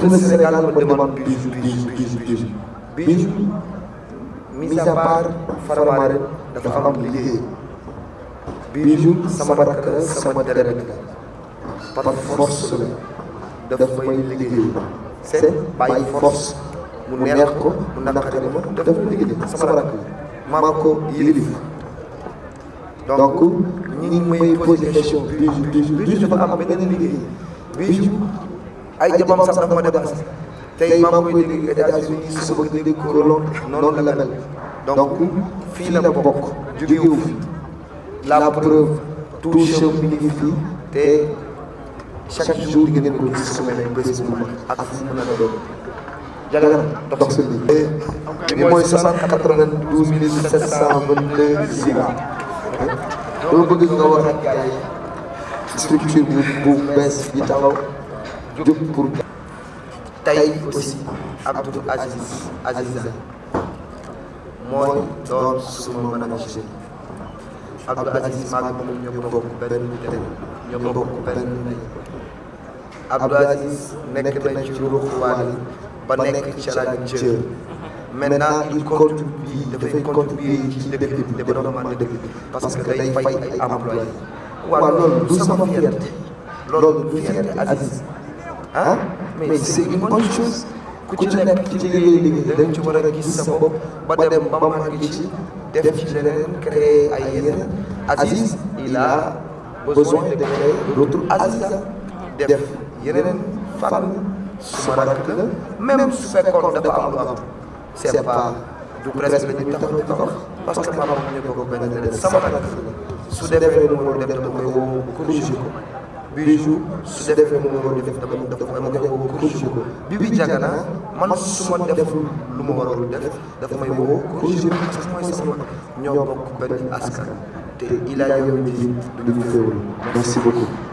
tout le Sénégal me demande Bijou, Bijou, Bijou, Bijou. Bijou, mis à part Faramaare dafa am liggéey. Bijou sama rakk la sama deret la. par force la. daf liggéey. c'est bàyyi force. mu neex ko mu naqari ma daf may liggéey sama rakk la. maa ko yilif. donc ñi ngi may posé question Bijou dafa am beneen liggéey. Bijou. ay jëmmam sax dafa ma dépassé tey maa ngi koy dégg États-Unis suba ko lool noonu la mel donc fii la bokk jógewu fi la preuve tout chef bi ngi fii di ngeen ko gis su mel ne bés bu mag ak fu mu mën a doon jërëjëf dox si lii. lii mooy 792 mille bëgg nga wax ak gars structure bu bu bees bi taxaw. jóg pour tey aussi Abdou Aziz Aziza mooy doon suma manager Abdou Aziz maag moom ñoo bokk benn dem ñoo bokk benn nañ Abdou Aziz nekk nañ ci ruuxuwaale ba nekk ci la jër maintenant il contribue dafay contribuer ci dëkk bi développement dëkk bi parce que day fay ay employés waaw loolu du sama fierté loolu du fierté Aziz ah mais c'est une bonne ku ci nekk ci liggéey liggéey dañ ci war a gis sa bopp ba dem ba màgg ci def ci leneen créer ay yeneen Aziz il a besoin de créer d'autres Aziz def yeneen fan su ma rakk la même su fekkoon dafa am lu am c'est pas du presque la ñu taxaw di ko parce que maanaam ñu ko benn sama rakk su defee noonu dem dama koy woo corrigé ko Bijou su defee moom moo di def dama dafa ma koy woo corrigé ko Bibi Diagana man su ma def lu ma warul def dafa may woo corrigé ko parce que mooy sama ñoo bokk benn askan te il a yow ji du ñu féewul merci beaucoup